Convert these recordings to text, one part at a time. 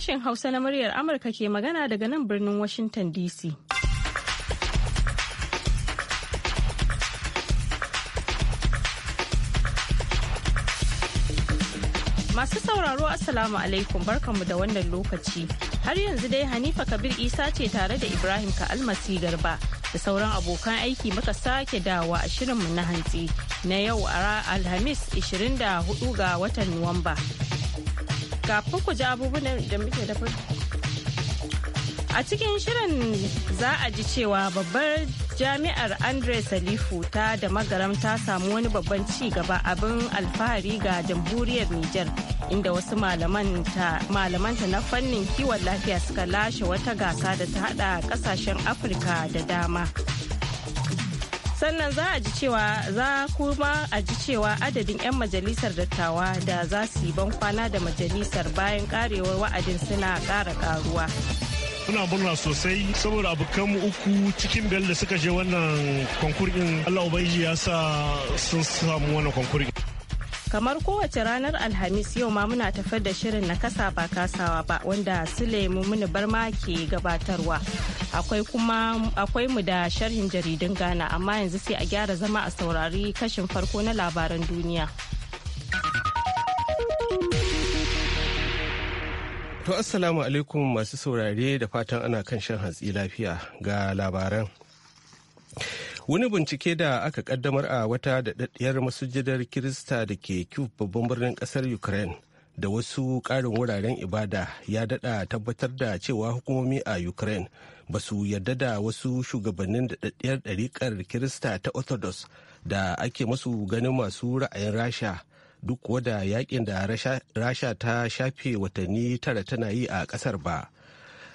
Sashen Hausa na muryar Amurka ke magana daga nan birnin Washington DC. Masu sauraro Assalamu alaikum barkanmu da wannan lokaci. Har yanzu dai Hanifa Kabir Isa ce tare da Ibrahim ka almasi Garba da sauran abokan aiki muka sake dawa a shirinmu na hantsi na yau a Alhamis 24 ga watan Nuwamba. kafin ku ji abubuwan da muke da A cikin shirin za a ji cewa babbar jami'ar Andre Salifu ta da magaram ta samu wani babban ci gaba abin alfahari ga jamhuriyar Nijar inda wasu malamanta na fannin kiwon lafiya suka lashe wata gasa da ta hada kasashen Afirka da dama. sannan za a ji cewa za kuma a ji cewa adadin 'yan majalisar dattawa da za su yi ban kwana da majalisar bayan karewar wa'adin suna kara karuwa. muna murna sosai saboda abokan uku cikin biyar da suka je wannan konkurin Allah Ubangiji ya sa sun samu wannan konkurin. kamar kowace ranar alhamis yau ma muna tafar da shirin na kasa ba kasawa ba wanda sulaimu mini barma ke gabatarwa akwai kuma akwai mu da sharhin jaridun ghana amma yanzu sai a gyara zama a saurari kashin farko na labaran duniya to assalamu alaikum masu saurare da fatan ana kan shan hatsi lafiya ga labaran wani bincike da aka kaddamar a wata daɗaɗɗiyar masujidar kirista da ke kyiv babban birnin ƙasar ukraine da wasu ƙarin wuraren ibada ya daɗa tabbatar da cewa hukumomi a ukraine ba su yarda da wasu shugabannin daɗaɗɗiyar ɗariƙar kirista ta orthodox da ake masu ganin masu ra'ayin rasha duk wada yakin da rasha ta shafe watanni tara tana yi a ƙasar ba.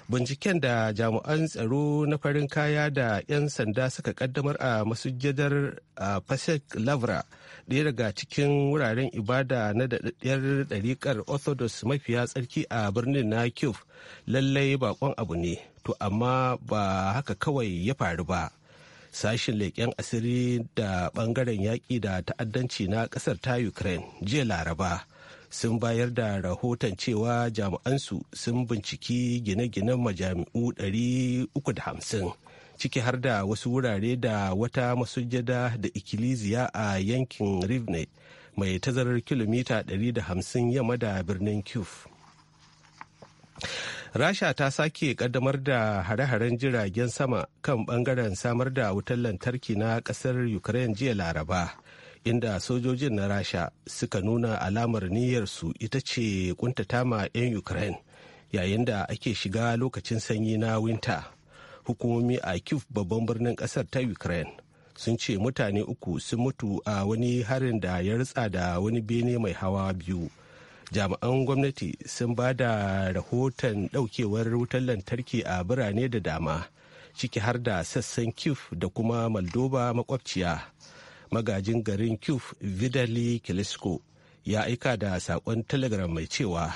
binciken da jami'an tsaro na farin kaya da 'yan sanda suka kaddamar a masujadar pasek lavra ɗaya daga cikin wuraren ibada na daɗaɗɗiyar ɗariƙar orthodox mafiya tsarki a birnin na kyiv lallai baƙon abu ne to amma ba haka kawai ya faru ba sashin leƙen asiri da ɓangaren yaƙi da ta'addanci na ƙasar ta ukraine jiya laraba sun bayar da rahoton cewa jami'ansu sun binciki gine gine majami'u 350 ciki har da wasu wurare da wata masujada da ikilisiya a yankin rivne mai tazarar kilomita 150 yamma da birnin kyiv rasha ta sake kaddamar da hare-haren jiragen sama kan bangaren samar da wutar lantarki na kasar ukraine jiya laraba inda sojojin na rasha suka nuna alamar niyyarsu ita ce kuntata ma 'yan ukraine yayin da ake shiga lokacin sanyi na winta hukumomi a kif babban birnin kasar ta ukraine sun ce mutane uku sun mutu a wani harin da ya ritsa da wani bene mai hawa biyu jami'an gwamnati sun ba da rahoton daukewar wutar lantarki a birane da dama ciki har da sassan kif da kuma maldoba makwabciya magajin garin kyuf Vidali kilisko ya aika da saƙon telegram mai cewa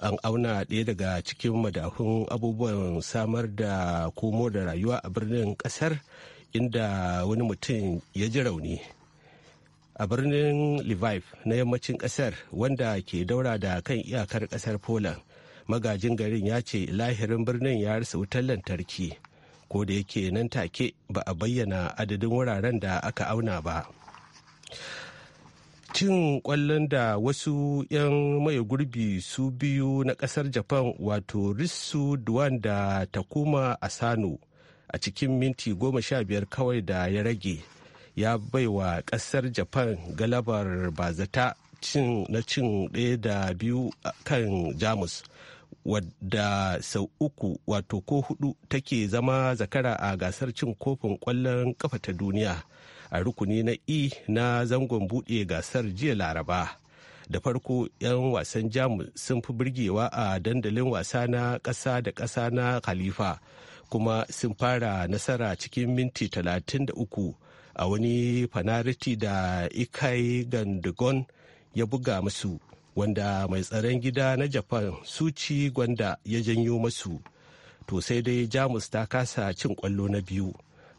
an auna ɗaya daga cikin madahun abubuwan samar da komo da rayuwa a birnin ƙasar inda wani mutum ya ji rauni. a birnin Lviv na yammacin kasar wanda ke daura da kan iyakar kasar Poland. Magajin garin ya ce lahirin birnin ya rasa wutar lantarki ko da yake nan take ba a bayyana adadin wuraren da aka auna ba cin kwallon da wasu 'yan maye gurbi su biyu na kasar japan wato risu duwan da takuma asano a cikin minti goma sha biyar kawai da ya rage ya baiwa kasar japan galabar bazata cin na cin ɗaya da biyu kan jamus wadda sau uku wato ko hudu take zama zakara a gasar cin kofin kwallon kafa ta duniya a rukuni na e na zangon buɗe gasar jiya laraba da farko 'yan wasan jamus sun fi birgewa a dandalin wasa na ƙasa da ƙasa na khalifa kuma sun fara nasara cikin minti 33 a wani fanariti da ikai gandagon ya buga musu wanda mai tsaron gida na japan suci gwanda ya janyo masu to sai dai jamus ta kasa cin kwallo na biyu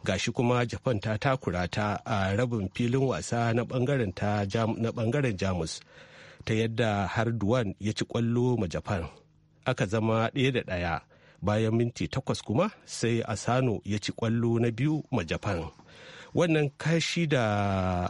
gashi kuma japan ta takura ta a rabin filin wasa na bangaren jamus ta yadda har duwan ya ci kwallo ma japan aka zama ɗaya da ɗaya bayan minti takwas kuma sai asano ya ci kwallo na biyu ma japan wannan kashi da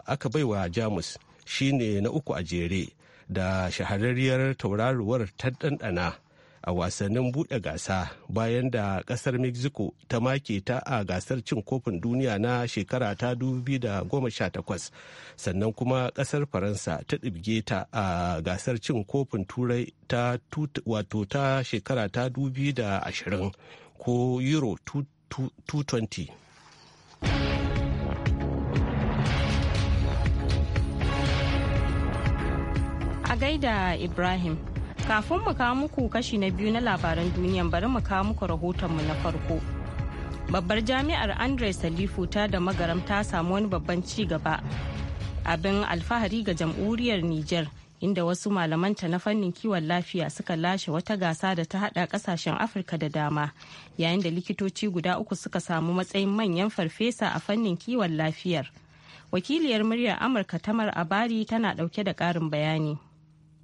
aka baiwa jamus shine na uku a jere da shahararriyar tauraruwar ta ɗanɗana a wasannin buɗe gasa bayan da ƙasar mexico ta make ta a gasar cin kofin duniya na shekara ta 2018 sannan kuma ƙasar faransa ta ɗibge ta a gasar cin kofin turai ta wato ta shekara ta 2020 ko euro 220 gaida Ibrahim. Kafin mu kawo muku kashi na biyu na labaran duniyan bari mu kawo muku mu na farko. Babbar jami'ar andres Salifu ta da magaram ta samu wani babban ci gaba. Abin alfahari ga jam'uriyar Nijar inda wasu malaman ta na fannin kiwon lafiya suka lashe wata gasa da ta hada kasashen afirka da dama yayin da likitoci guda uku suka samu matsayin manyan farfesa a fannin kiwon lafiyar wakiliyar muryar amurka tamar abari tana dauke da karin bayani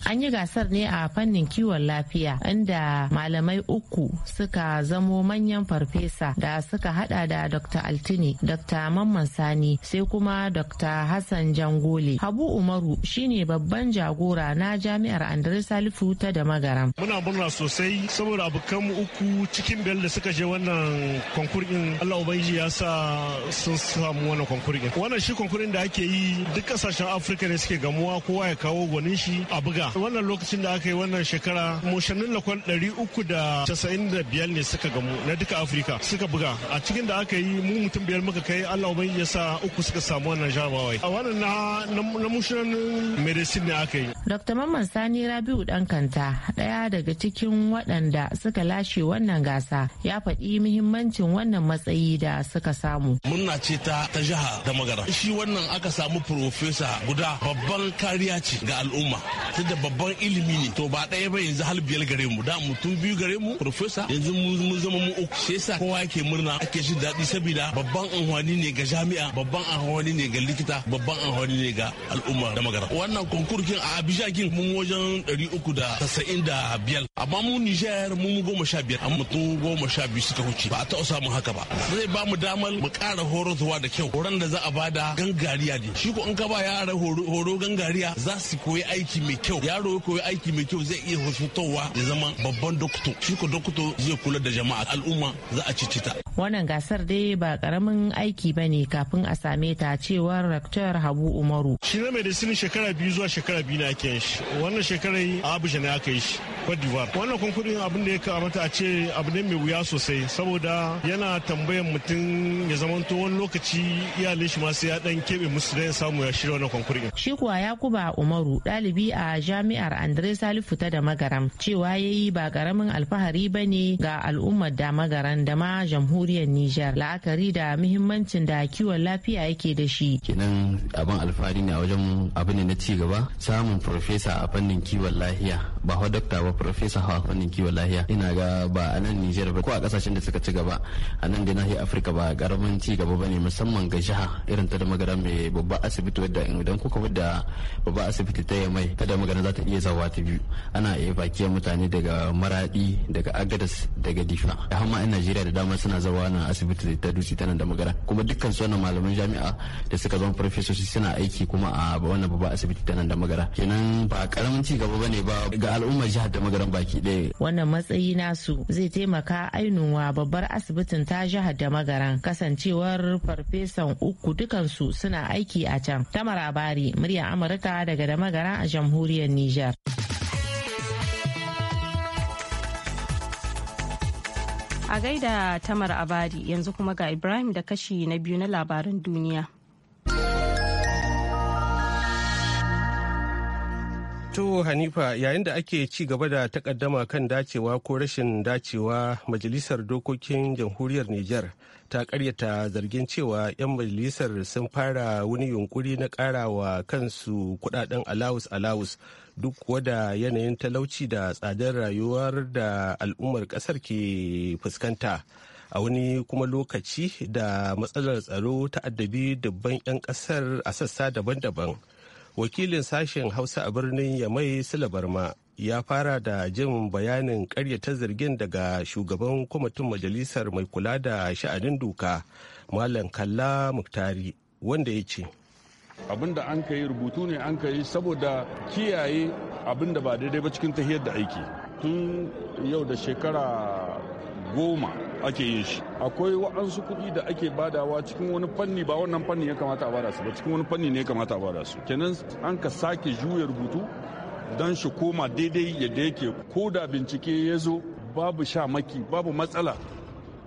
An yi gasar ne a fannin kiwon lafiya inda malamai uku suka zamo manyan farfesa da suka hada da Dr. Altini, Dr. Mamman Sani sai kuma Dr. Hassan Jangole. Habu Umaru shine babban jagora na jami'ar andre Salifu ta da Magaram. Muna murna sosai saboda abokanmu uku cikin biyar da suka je wannan konkurin Allah Ubangiji ya sa sun samu wannan konkurin. Wannan shi konkurin da ake yi duk kasashen Afirka ne suke gamuwa kowa ya kawo gwanin shi a buga jiya wannan lokacin da aka yi wannan shekara moshannin lakon 395 ne suka gamu na duka afirka suka buga a cikin da aka yi mu mutum biyar muka kai allah ubangiji ya sa uku suka samu wannan jarabawai a wannan na na moshannin medicine ne aka yi dr mamman sani rabiu dan kanta daya daga cikin waɗanda suka lashe wannan gasa ya faɗi muhimmancin wannan matsayi da suka samu murna ce ta ta jiha da magara shi wannan aka samu profesa guda babban kariya ce ga al'umma da babban ilimi ne to ba ɗaya ba yanzu har biyar gare mu da mutum biyu gare mu profesa yanzu mu zama mu uku shi yasa kowa yake murna ake shi daɗi saboda babban amfani ne ga jami'a babban anhwani ne ga likita babban anhwani ne ga al'umma da magana wannan konkurkin a abijakin mun wajen ɗari uku da tasa'in da biyar amma mu Nijar mu goma sha biyar amma mutum goma sha biyu suka wuce ba a taɓa samun haka ba zai ba mu damar mu ƙara zuwa da kyau horon da za a bada gangariya ne shi ko in ka ba yara horo gangariya za su koyi aiki mai kyau yaro ya koyi aiki mai kyau zai iya fitowa ya zama babban dokto shi ko dokto zai kula da jama'a al'umma za a ci ta. wannan gasar dai ba karamin aiki ba ne kafin a same ta cewar rektor habu umaru shi na medicine shekara biyu zuwa shekara biyu na ake yin shi wannan shekarar abuja ne aka yi shi wannan kunkurin abin da ya kamata a ce abu ne mai wuya sosai saboda yana tambayan mutum ya zamanto wani lokaci iyalin shi ma sai ya dan keɓe musu da ya samu ya shirya wannan kunkurin shi kuwa yakuba umaru ɗalibi a jami'ar andre salifu ta da magaram cewa ya yi ba karamin alfahari ba ne ga al'ummar da magaran da ma jamhuriyar niger la'akari da muhimmancin da kiwon lafiya yake da shi kenan abin alfahari ne a wajen abu ne na ci gaba samun farfesa a fannin kiwon lafiya ba fa dokta ba professor hawa fannin kiwon lahiya ina ga ba a nan Nijar ba ko a kasashen da suka ci gaba a nan da nahiyar Afirka ba karamin ci gaba ne musamman ga jiha irin ta da magana mai babba asibiti wadda idan kuka wadda babba asibiti ta mai ta da magana za ta iya zawa ta biyu ana iya bakiyar mutane daga maradi daga agadas daga difa da hama yan Najeriya da dama suna zawa na asibiti ta dutse ta nan da magana kuma dukkan su wannan malaman jami'a da suka zama professoci suna aiki kuma a wannan babba asibiti ta nan da magana kenan ba karamin ci gaba ne ba ga al'ummar jihar da magaran baki ɗaya. Wannan matsayi nasu zai taimaka ainuwa babbar asibitin ta jihar da magaran kasancewar farfesan uku dukansu suna aiki a can. tamar marabari murya Amurka daga da magaran a jamhuriyar Nijar. A gaida Tamar Abadi yanzu kuma ga Ibrahim da kashi na biyu na labaran duniya. To Hanifa yayin da ake ci gaba da takaddama kan dacewa ko rashin dacewa majalisar dokokin jamhuriyar niger ta karyata zargin cewa 'yan majalisar sun fara wani yunkuri na karawa kansu kudaden alawus alawus duk wada yanayin talauci da tsadar rayuwar da al'ummar kasar ke fuskanta. a wani kuma lokaci da matsalar tsaro ta addabi dubban 'yan kasar a sassa daban-daban. wakilin sashen hausa a birnin yamai silabarma ya fara da jin bayanin karyata zargin daga shugaban kwamitin majalisar mai kula da sha'anin doka malam kalla muktari wanda ya ce abinda an ka yi rubutu ne an ka yi saboda kiyaye abinda ba daidai ba cikin tahiyar da aiki tun yau da shekara goma ake yin shi akwai wa'ansu kuɗi da ake badawa cikin wani fanni ba wannan fanni ya kamata a bada su ba cikin wani fanni ne ya kamata a bada su kenan an ka sake juya rubutu don shi koma daidai yadda yake ko da bincike ya zo babu sha maki babu matsala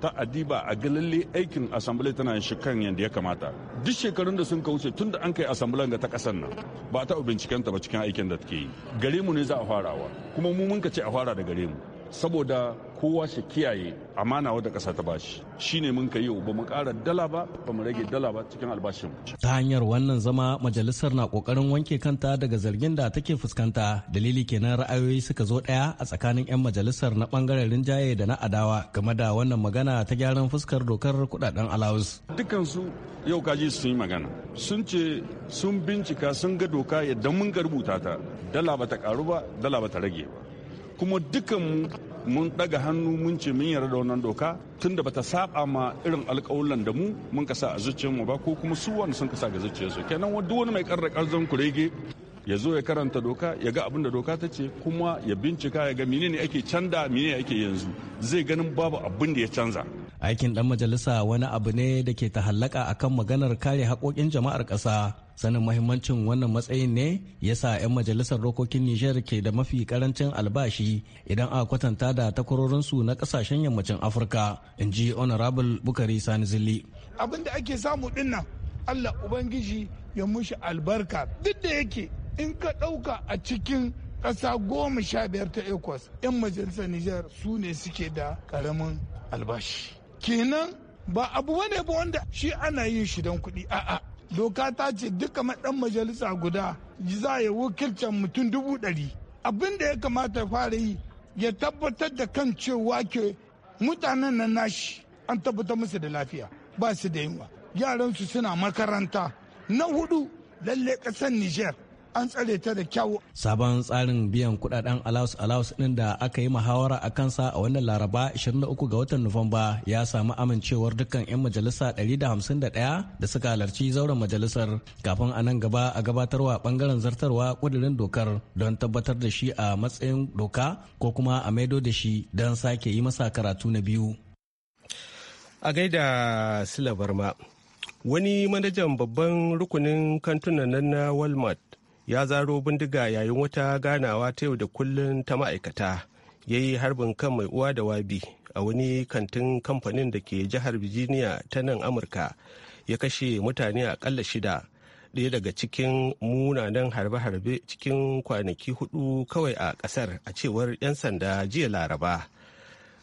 ta adiba a galalle aikin asambile tana shi kan yadda ya kamata duk shekarun da sun wuce tun da an kai asamblen ga ta kasan nan ba ta binciken ta ba cikin aikin da take yi gare mu ne za a farawa kuma mu mun ka ce a fara da gare mu saboda kowa shi kiyaye amana wadda ƙasa ta bashi shine mun ka yau ba mu ƙara dala ba ba mu rage dala ba cikin albashin ta hanyar wannan zama majalisar na ƙoƙarin wanke kanta daga zargin da take fuskanta dalili kenan ra'ayoyi suka zo ɗaya a tsakanin 'yan majalisar na ɓangaren rinjaye da na adawa game da wannan magana ta gyaran fuskar dokar kuɗaɗen alawus dukansu yau kaji sun yi magana sun ce sun bincika sun ga doka yadda mun ga rubuta ta dala ba ta ƙaru ba dala ba ta rage ba kuma mu mun daga hannu mun ce mun yarda da wannan doka tun da bata saba ma irin alƙawulan da mu mun kasa a zuciyarmu ba ko kuma su wanda sun kasa ga zuciyarsu kenan duk wani mai karra karzon kurege ya zo ya karanta doka ya ga abin da doka ta ce kuma ya bincika ya ga menene ake canda menene ake yanzu zai ganin babu abin da ya canza aikin dan majalisa wani abu ne da ke ta halaka akan maganar kare haƙoƙin jama'ar ƙasa sanin mahimmancin wannan matsayin ne ya sa 'yan majalisar rokokin nijar ke da mafi karancin albashi idan aka kwatanta da takwarorinsu na kasashen yammacin afirka in ji honorable bukari sani zilli abin da ake samu dinnan allah ubangiji ya mushi albarka duk da yake in ka ɗauka a cikin ƙasa goma sha biyar ta ecos 'yan majalisar nijar su ne suke da ƙaramin albashi kenan ba abu wane ba wanda shi ana yin shi don kuɗi a'a doka ta ce duka maɗan majalisa guda za ya wakilcin mutum dubu ɗari abin da ya kamata fara yi ya tabbatar da kan cewa ke mutanen na nashi an tabbatar musu da lafiya ba su da yunwa yaransu suna makaranta na hudu lalle ƙasar niger an tsare ta da kyau. Sabon tsarin biyan kudaden alaus alaus ɗin da aka yi muhawara a kansa a wannan Laraba 23 ga watan Nuwamba ya samu amincewar dukkan 'yan majalisa 151 da suka halarci zauren majalisar kafin a nan gaba a gabatarwa bangaren zartarwa kudirin dokar don tabbatar da shi a matsayin doka ko kuma a maido da shi don sake yi masa karatu na biyu. A gaida Sila Barma. wani manajan babban rukunin kantunan na walmart ya zaro bindiga yayin wata ganawa ta yau da kullun ta ma'aikata ya yi harbin kan mai uwa da wabi a wani kantin kamfanin da ke jihar virginia ta nan amurka ya kashe mutane akalla shida ɗaya daga cikin munanan harbe-harbe cikin kwanaki hudu kawai a ƙasar a cewar 'yan sanda jiya laraba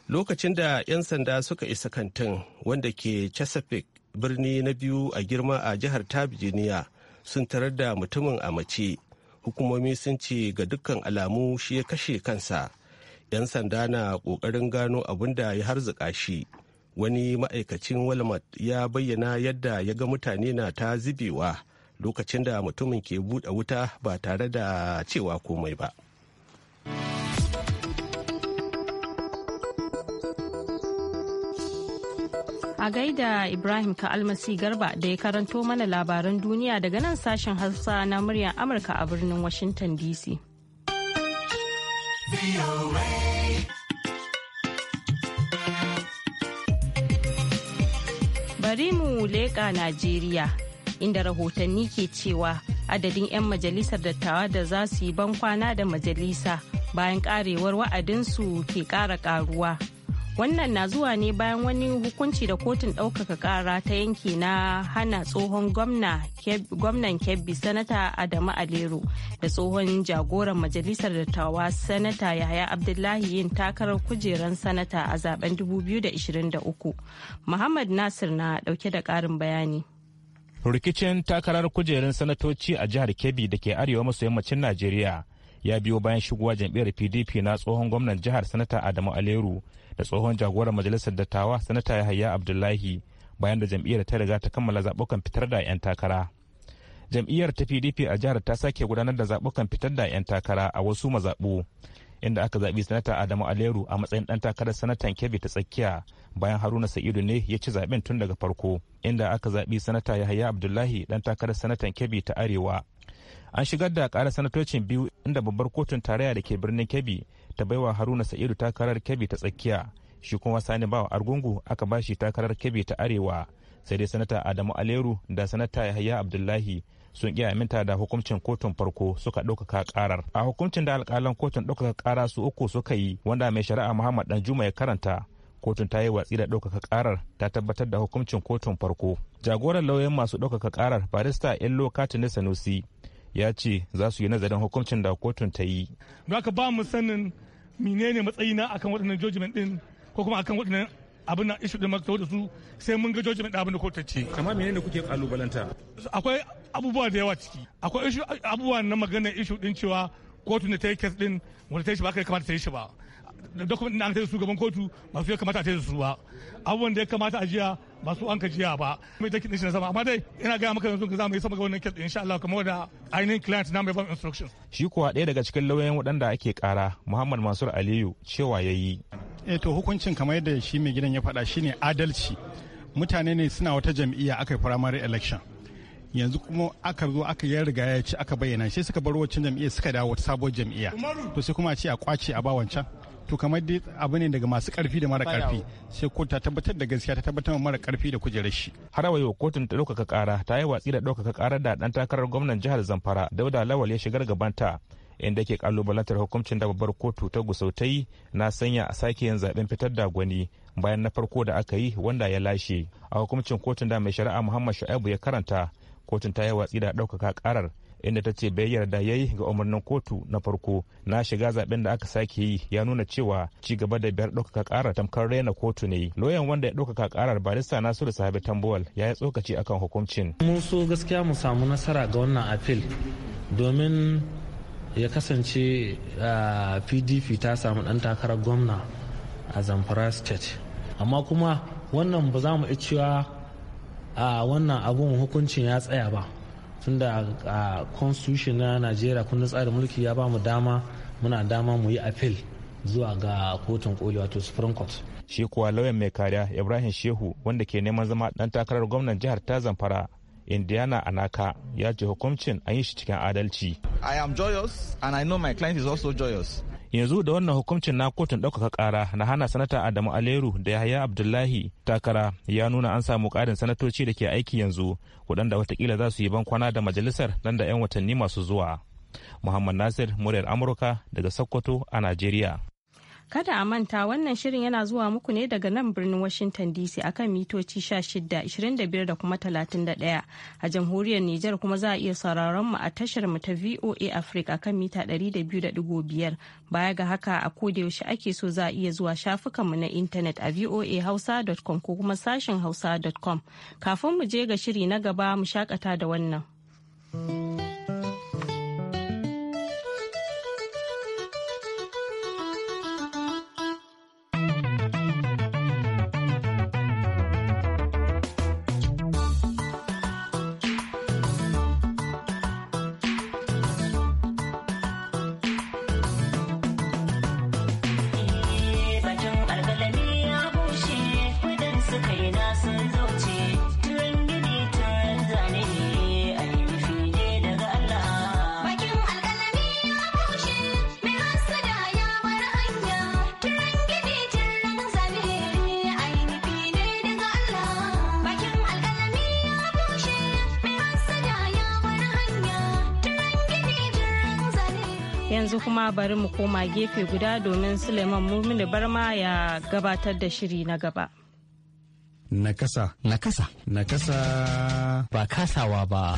lokacin da 'yan sanda suka isa kantin wanda ke chesapeake birni na biyu a girma a jihar ta virginia sun tarar da mutumin a mace hukumomi sun ce ga dukkan alamu shi ya kashe kansa 'yan sanda na ƙoƙarin gano abin da ya harzuka shi wani ma'aikacin walmart ya bayyana yadda ya ga mutane na ta zubewa lokacin da mutumin ke buɗe wuta ba tare da cewa komai ba. A gaida Ibrahim Ka'almasi Garba da ya karanto mana labaran duniya daga nan sashen Hausa na muryar Amurka a birnin Washington DC. Bari mu leƙa Najeriya, inda rahotanni ke cewa adadin 'yan majalisar dattawa da za su yi ban kwana da majalisa bayan karewar wa'adinsu ke ƙara ƙaruwa. wannan na zuwa ne bayan wani hukunci da kotun ɗaukaka ƙara ta yanki na hana tsohon gwamnan kebbi sanata adamu alero da tsohon jagoran majalisar dattawa sanata yaya abdullahi yin takarar kujeran sanata a zaben 2023 muhammad nasir na ɗauke da ƙarin bayani rikicin takarar kujerun sanatoci a jihar kebbi da ke arewa maso yammacin najeriya ya biyo bayan shigowa jam'iyyar pdp na tsohon gwamnan jihar sanata adamu aleru da tsohon jagoran majalisar dattawa sanata yahaya abdullahi bayan da jam'iyyar ta riga ta kammala zaɓukan fitar da 'yan takara jam'iyyar ta pdp a jihar ta sake gudanar da zaɓukan fitar da 'yan takara a wasu mazaɓu inda aka zaɓi sanata adamu aleru a matsayin ɗan takarar sanatan kebbi ta tsakiya bayan haruna sa'idu ne ya ci zaɓen tun daga farko inda aka zaɓi sanata yahaya abdullahi ɗan takarar sanatan kebbi ta arewa an shigar da ƙarar sanatocin biyu inda babbar kotun tarayya da ke birnin kebbi ta baiwa haruna sa'idu takarar kebbi ta tsakiya shi kuma sani bawa argungu aka bashi takarar kebbi ta arewa sai dai sanata adamu aleru da sanata yahaya abdullahi sun iya aminta da hukuncin kotun farko suka ɗaukaka karar a hukuncin da alƙalan kotun ɗaukaka kara su uku suka yi wanda mai shari'a muhammad danjuma ya karanta kotun ta yi watsi da ɗaukaka karar ta tabbatar da hukuncin kotun farko jagoran lauyan masu ɗaukaka karar barista illo katini sanusi ya ce za su yi nazarin hukuncin da kotun ta yi. Don haka ba mu sanin menene matsayina akan waɗannan judgment din ko kuma akan waɗannan abin na issue din maka da su sai mun ga judgment din abin da kotun ce. Kama menene kuke kalubalanta? Akwai abubuwa da yawa ciki. Akwai abubuwa na maganar issue din cewa kotun da ta yi kes din wanda ta yi shi ba kai kamata ta yi shi ba. dokumentin da an da su gaban kotu ba su ya kamata a tsaye su ba abubuwan da ya kamata a jiya ba su an ka jiya ba mai take din shi na sama amma dai ina ga maka yanzu za mu yi sama ga wannan kes insha Allah kamar da ainihin client na mai ba instructions shi kuwa ɗaya daga cikin lauyoyin waɗanda ake ƙara Muhammad Mansur Aliyu cewa yayi eh to hukuncin kamar yadda shi mai gidan ya faɗa shine adalci mutane ne suna wata jam'iyya aka yi primary election yanzu kuma aka zo aka yi riga ya ci aka bayyana sai suka bar wacce jam'iyya suka dawo wata sabuwar jam'iyya to sai kuma a ce a kwace a ba wancan to kamar dai abu ne daga masu karfi da mara karfi sai ko ta tabbatar da gaskiya ta tabbatar mara karfi da kujerar shi har wayo kotun ta ɗaukaka kara ta yi watsi da ɗaukaka karar da ɗan takarar gwamnan jihar zamfara dauda lawal ya shigar gabanta inda ke kalubalantar hukuncin da babbar kotu ta gusautai na sanya a sake yin zaben fitar da gwani bayan na farko da aka yi wanda ya lashe a hukuncin kotun da mai shari'a muhammad shu'aibu ya karanta kotun ta yi watsi da ɗaukaka karar inda ta ce bai yarda ya yi ga umarnin kotu na farko na shiga zaben da aka sake yi ya nuna cewa ci gaba da biyar ɗaukaka ƙarar tamkar raina kotu ne loyan wanda ya ɗaukaka ƙarar barista nasiru sahabi tambuwal ya yi tsokaci akan hukuncin. mu so gaskiya mu samu nasara ga wannan appeal domin ya kasance pdp ta samu ɗan takarar gwamna a zamfara state amma kuma wannan ba za mu iya cewa a wannan abun hukuncin ya tsaya ba tunda a constitution na najeriya kundin tsarin mulki ya ba mu dama muna dama mu yi appeal zuwa ga kotun koli wato supreme court shi kuwa lauyan mai kariya ibrahim shehu wanda ke neman zama dan takarar gwamnan jihar ta zamfara indiana anaka ya ce hukuncin an yi shi cikin adalci i am joyous and i know my client is also joyous yanzu da wannan hukuncin na kotun ɗaukaka ƙara na hana sanata adamu aleru da yahaya abdullahi takara ya nuna an samu ƙarin sanatoci da ke aiki yanzu waɗanda watakila za su yi bankwana da majalisar nan da 'yan watanni masu zuwa muhammad nasir muryar amurka daga sokoto a najeriya Kada a manta wannan shirin yana zuwa muku ne daga nan birnin Washington DC akan mitoci 16, 25 da kuma 31. A jamhuriyar Nijar kuma za a iya sauraron mu a tashar mu ta VOA Africa akan mita 200.5. Baya ga haka a koda yaushe ake so za a iya zuwa shafukan mu na intanet a voahausa.com ko kuma sashin hausa.com. Kafin mu je ga shiri na gaba mu shakata da wannan. yanzu kuma bari mu koma gefe guda domin Suleiman Mumini Barma ya gabatar da shiri na gaba. Nakasa. Nakasa. Nakasa. Ba kasawa ba.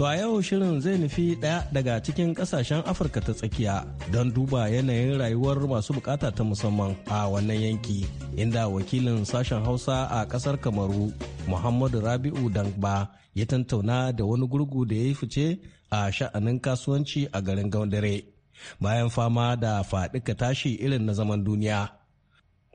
To a yau shirin zai nufi ɗaya daga cikin ƙasashen Afirka ta tsakiya don duba yanayin rayuwar masu bukata ta musamman a wannan yanki inda wakilin sashen Hausa a ƙasar Kamaru Muhammadu Rabi'u danba ya tantauna da wani gurgu da ya yi fice a sha'anin kasuwanci a garin Gaundare bayan fama da faɗika tashi irin na zaman duniya.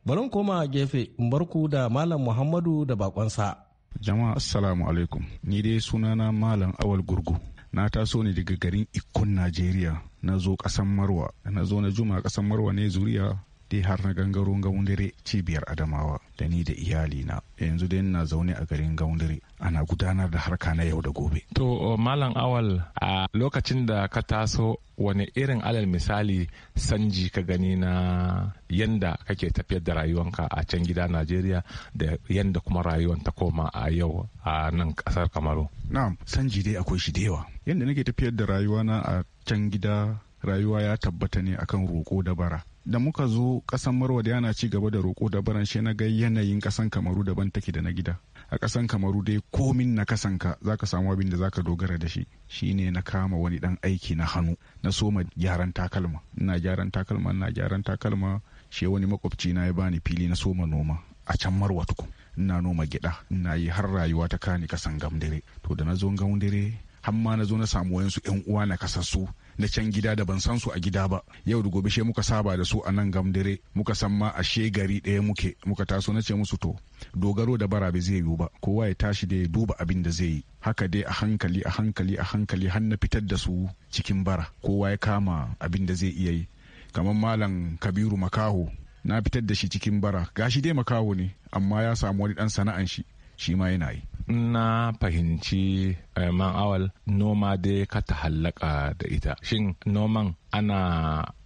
barin koma gefe in barku da Malam Muhammadu da bakonsa. jama'a assalamu alaikum ni dai sunana malam awal gurgu na taso ne daga garin ikon najeriya na zo kasan marwa na zo na juma kasan marwa ne zuriya dai har na gangaro gaundare cibiyar adamawa da ni da iyali na yanzu dai na zaune a garin gaundare ana gudanar da harka na yau da gobe. To malam awal a lokacin da ka taso wani irin alal misali sanji ka gani na yanda kake tafiyar da rayuwanka a can gida Najeriya da yanda kuma rayuwan ta koma a yau a nan kasar Kamaru. Na'am sanji dai akwai shi da yawa. Yanda nake tafiyar da rayuwana a can gida rayuwa ya tabbata ne akan roko da bara. da muka zo kasan marwada yana ci gaba da roƙo da baranshe na ga yanayin kasan kamaru daban take da na gida a kasan kamaru dai komin na kasanka ka samu abin da za ka dogara da shi shine na kama wani dan aiki na hannu na soma gyaran takalma ina gyaran takalma ina gyaran takalma shi wani makwabci na ya bani fili na soma noma a can marwa tukun ina noma gida ina yi har rayuwa ta kani kasan gamdare to da na zo gamdare har ma na zo na samu wayansu yan uwa na kasassu na can gida da ban san su a gida ba yau da gobe she muka saba da su a nan gamdare muka san ma a she gari ɗaya muke muka taso na ce musu to dogaro da bara bai zai yiwu ba kowa ya tashi da ya duba abin da zai yi haka dai a hankali a hankali a hankali har na fitar da su cikin bara kowa ya kama abin da zai iya yi kamar malam kabiru makaho na fitar da shi cikin bara gashi dai makaho ne amma ya samu wani dan sana'an shi shi ma yana yi na fahimci eh, man awal noma dai ka ta hallaka da ita shin noman ana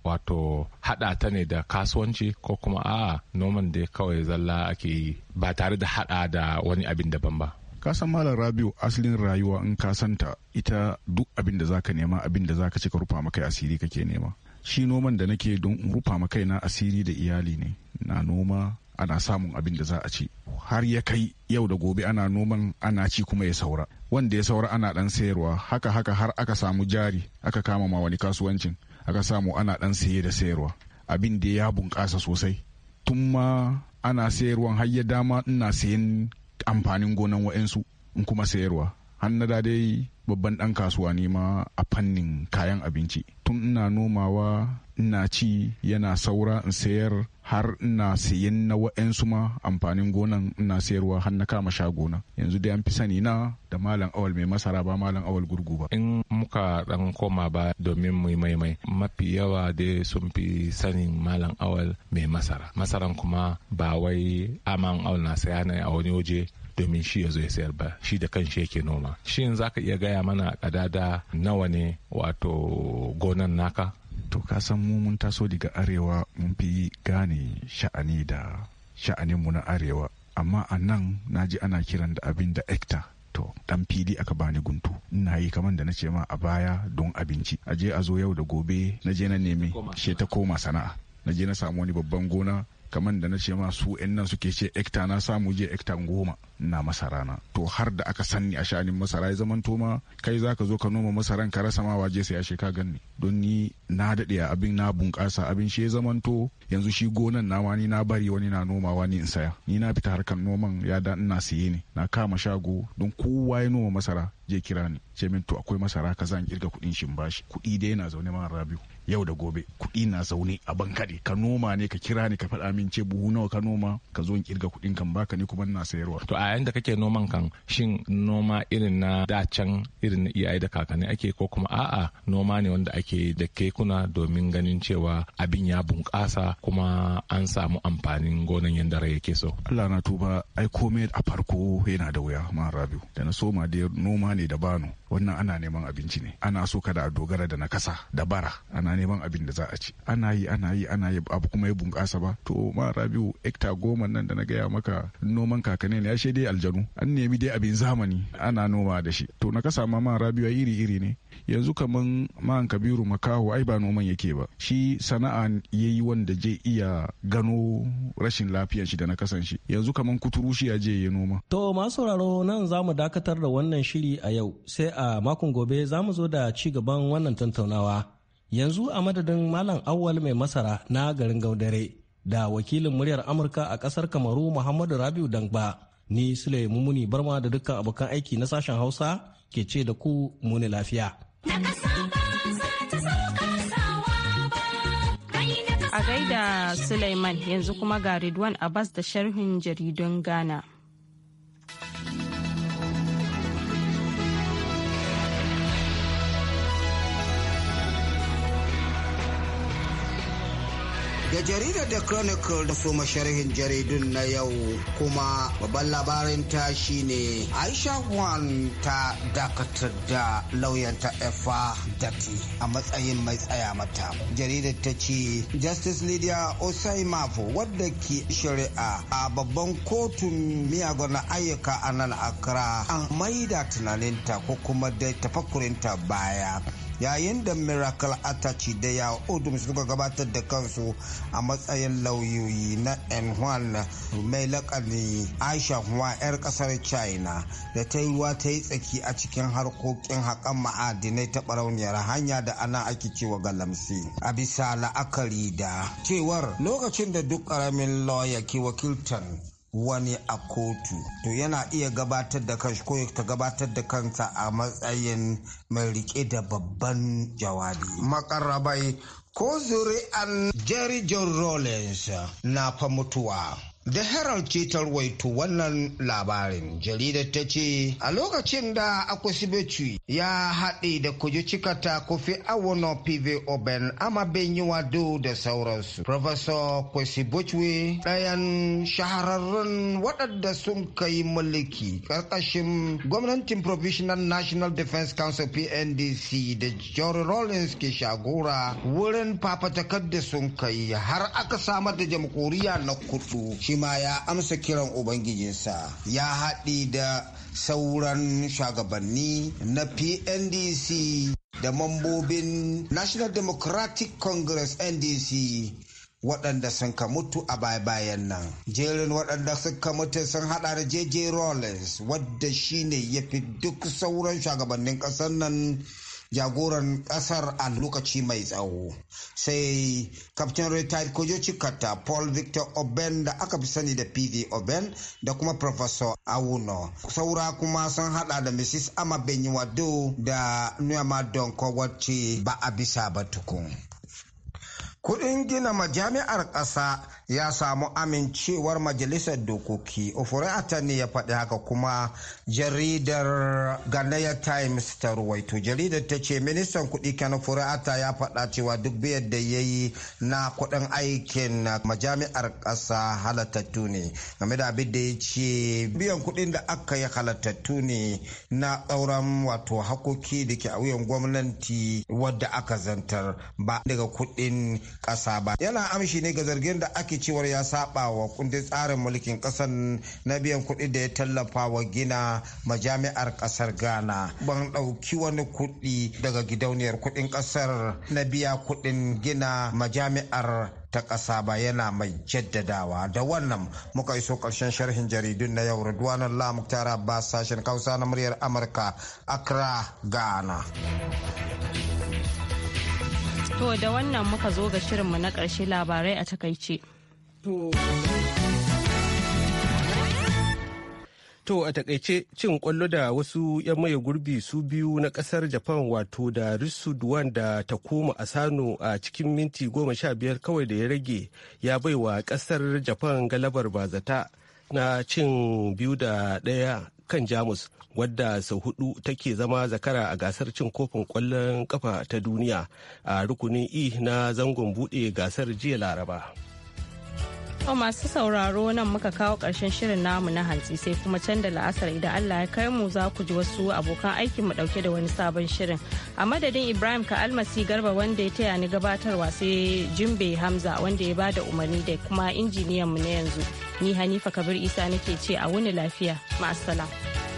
wato hada ta ne da kasuwanci ko kuma a noman dai kawai zalla ake yi ba tare da hada da wani abin daban ba ka san malam rabiu asalin rayuwa in ka santa ita duk abin da zaka nema abin da zaka ci ka rufa maka asiri kake nema shi noman da nake don rufa maka na asiri da iyali ne na noma ana samun abin da za a ci har ya kai yau da gobe ana noman ana ci kuma ya saura wanda ya saura ana dan sayarwa haka haka har aka samu jari aka kama ma wani kasuwancin aka samu ana dan saye da sayarwa abin da ya bunƙasa sosai tun ma ana sayarwan har ya dama ina sayen amfanin gonan waɗansu in kuma sayarwa har na dai babban dan kasuwa ne ma a fannin kayan abinci tun ina nomawa ina ci yana saura in sayar har na siyan na wa'yansu ma amfanin gonan na sayarwa har na kama gona yanzu dai an fi sani na da malam awal mai masara ba malam awal gurgu ba in muka dan koma ba domin mu maimai mafi yawa da sun fi sanin malam awal mai masara masaran kuma ba wai aman awal na saya ne a wani waje domin shi ya zo ya sayar ba shi da kan kanshi yake noma shi yanzu zaka iya gaya mana kadada nawa ne wato gonan naka to ka san mu mun taso daga arewa mun fi gane sha'ani da sha'anin mu na arewa amma a nan na ji ana kiran da abin da ekta to dan fili aka bani guntu ina yi kamar da na ce ma a baya don abinci aje a zo yau da gobe na je na nemi she ta koma sana'a na je na samu wani babban gona kamar da na ce ma su yan nan suke ce ekta na samu je ekta goma na masara na to har da aka sanni a sha'anin masara ya zaman ma kai zaka zo ka noma masaran ka rasa ma waje sai ya sheka ganni don ni na daɗe abin na bunƙasa abin shi ya zamanto yanzu shi gonan na wani na bari wani na nomawa ni in saya ni na fita harkan noman ya da ina siye ne na kama shago don kowa ya noma masara je kira ni ce min to akwai masara ka zan kirga kuɗin shin bashi kuɗi dai na zaune ma rabiu yau da gobe kuɗi na zaune a bankaɗe ka noma ne ka kira ni ka faɗa min ce buhu nawa ka noma ka zo in kirga kuɗin kan baka ni kuma ina sayarwa to a yayin kake noman kan shin noma irin na da can irin na iyaye da kakanni ake ko kuma a'a noma ne wanda ake da kekuna domin ganin cewa abin ya bunƙasa kuma an samu amfanin gonan yadda rai yake so. Allah na tuba ai komai a farko yana da wuya ma rabiu da na soma da noma ne da bano wannan ana neman abinci ne ana so kada a dogara da nakasa da bara ana neman abin da za a ci ana yi ana yi ana yi abu kuma ya bunƙasa ba to ma rabiu hecta goma nan da na gaya maka noman kakane ne ya dai aljanu an nemi dai abin zamani ana noma da shi to na kasa ma ma rabiu iri iri ne yanzu kaman ma kabiru makaho ai ba noman yake ba shi sana'a yayi wanda je zai iya gano rashin lafiyar shi da na kasance yanzu kamar kuturu shi je ya noma to masu sauraro nan za mu dakatar da wannan shiri a yau sai a makon gobe za mu zo da ci gaban wannan tattaunawa yanzu a madadin malam awwal mai masara na garin gaudare da wakilin muryar amurka a kasar kamaru muhammadu rabiu dangba ni sule mumuni barma da dukkan abokan aiki na sashen hausa ke ce da ku muni lafiya. A gaida Suleiman yanzu kuma ga Ridwan Abbas da sharhin jaridun Ghana. da jaridar da chronicle da su sharhin jaridun na yau kuma babban labarin ta shine aisha wan ta dakatar da lauyanta efa dati a matsayin mai tsaya mata jaridar ta ce justice lydia osai mafo wadda ke shari'a a babban kotun miyagun ayyuka a nan accra an maida tunaninta ko kuma da tafakurinta baya yayin da miracle atachi da ya odum suka gabatar da kansu a matsayin lauyoyi na enhuan mai lakani aisha huwa 'yar kasar china da ta yi ruwa ta yi tsaki a cikin harkokin haƙan ma'adinai ta barauniyar hanya da ana ake cewa galamsi a bisa la'akari da cewar lokacin da duk ƙaramin lauya ke wakiltan wani a kotu to yana iya gabatar da kanshi ko ta gabatar da kanta a matsayin mai rike da babban jawabi makarrabai ko zuri'an jerry john rawlings na fa mutuwa The Herald ce ta ruwaito wannan labarin. Jaridar ta ce, A lokacin da Akwesibechi ya haɗe da kuji cikata kofi awono PV Oben yi Do da sauransu. Professor Kwesibechi ɗayan shahararren waɗanda sun kai mulki ƙarƙashin gwamnatin Provisional National Defense Council PNDC da Jory Rawlings ke shagora wurin fafatakar da sun kai har aka samar da jamhuriya na kudu. shi ma ya amsa kiran ubangijinsa ya haɗi da sauran shugabanni na pndc da mambobin national democratic congress ndc waɗanda sun ka mutu a baya-bayan nan jerin waɗanda suka mutu sun hada da jj rollins wadda shine ya fi duk sauran shugabannin ƙasar nan jagoran kasar a lokaci mai tsawo sai kaftin retired kojo kata paul victor oben da aka fi sani da pv oben da kuma professor awuno saura kuma sun hada da mrs ama benyewado da nuyama Don wacce ba a bisa ba tukun kudin gina majami'ar ƙasa ya samu amincewar majalisar dokoki ofuri'ata ne ya faɗi haka kuma jaridar ghanaian times ta ruwaito jaridar ta ce ministan kuɗi kan ofuri'ata ya faɗa cewa duk biyar da ya yi na kuɗin aikin majami'ar ƙasa halattattu ne game da abin da ya ce biyan kuɗin da aka yi halattattu ne na tsauran wato hakoki da ke a gwamnati wadda aka zantar ba daga kuɗin ƙasa ba yana amshi ne ga zargin da ake cewar ya saba wa kundin tsarin mulkin kasar na biyan kuɗi da ya tallafa wa gina majami'ar kasar ghana ban ɗauki wani kuɗi daga gidauniyar kuɗin kasar na biya kuɗin gina majami'ar ta ƙasa ba yana mai jaddadawa da wannan muka iso karshen sharhin jaridun na yau Radwan Allah Muktar Abbas sashen kausa na muryar Amurka Accra Ghana. To da wannan muka zo ga shirinmu na ƙarshe labarai a takaice. To. a takaice cin kwallo da wasu 'yan maye gurbi su biyu na kasar Japan wato da Risu Duwan da Takuma Asano a cikin minti goma sha biyar kawai da ya rage ya baiwa kasar Japan galabar bazata na cin biyu da ɗaya kan Jamus wadda sau hudu take zama zakara a gasar cin kofin kwallon kafa ta duniya a rukunin E na zangon buɗe gasar jiya Laraba. o masu sauraro nan muka kawo ƙarshen shirin namu na hantsi sai kuma can da la'asar idan Allah ya kai mu za ku ji wasu abokan aikin mu dauke da wani sabon shirin. A madadin Ibrahim ka almasi garba wanda ya taya ni gabatarwa sai Jimbe Hamza wanda ya bada umarni da kuma injiniyan mu na yanzu. Ni Hanifa Kabir Isa nake ce a wuni lafiya. ma'asala.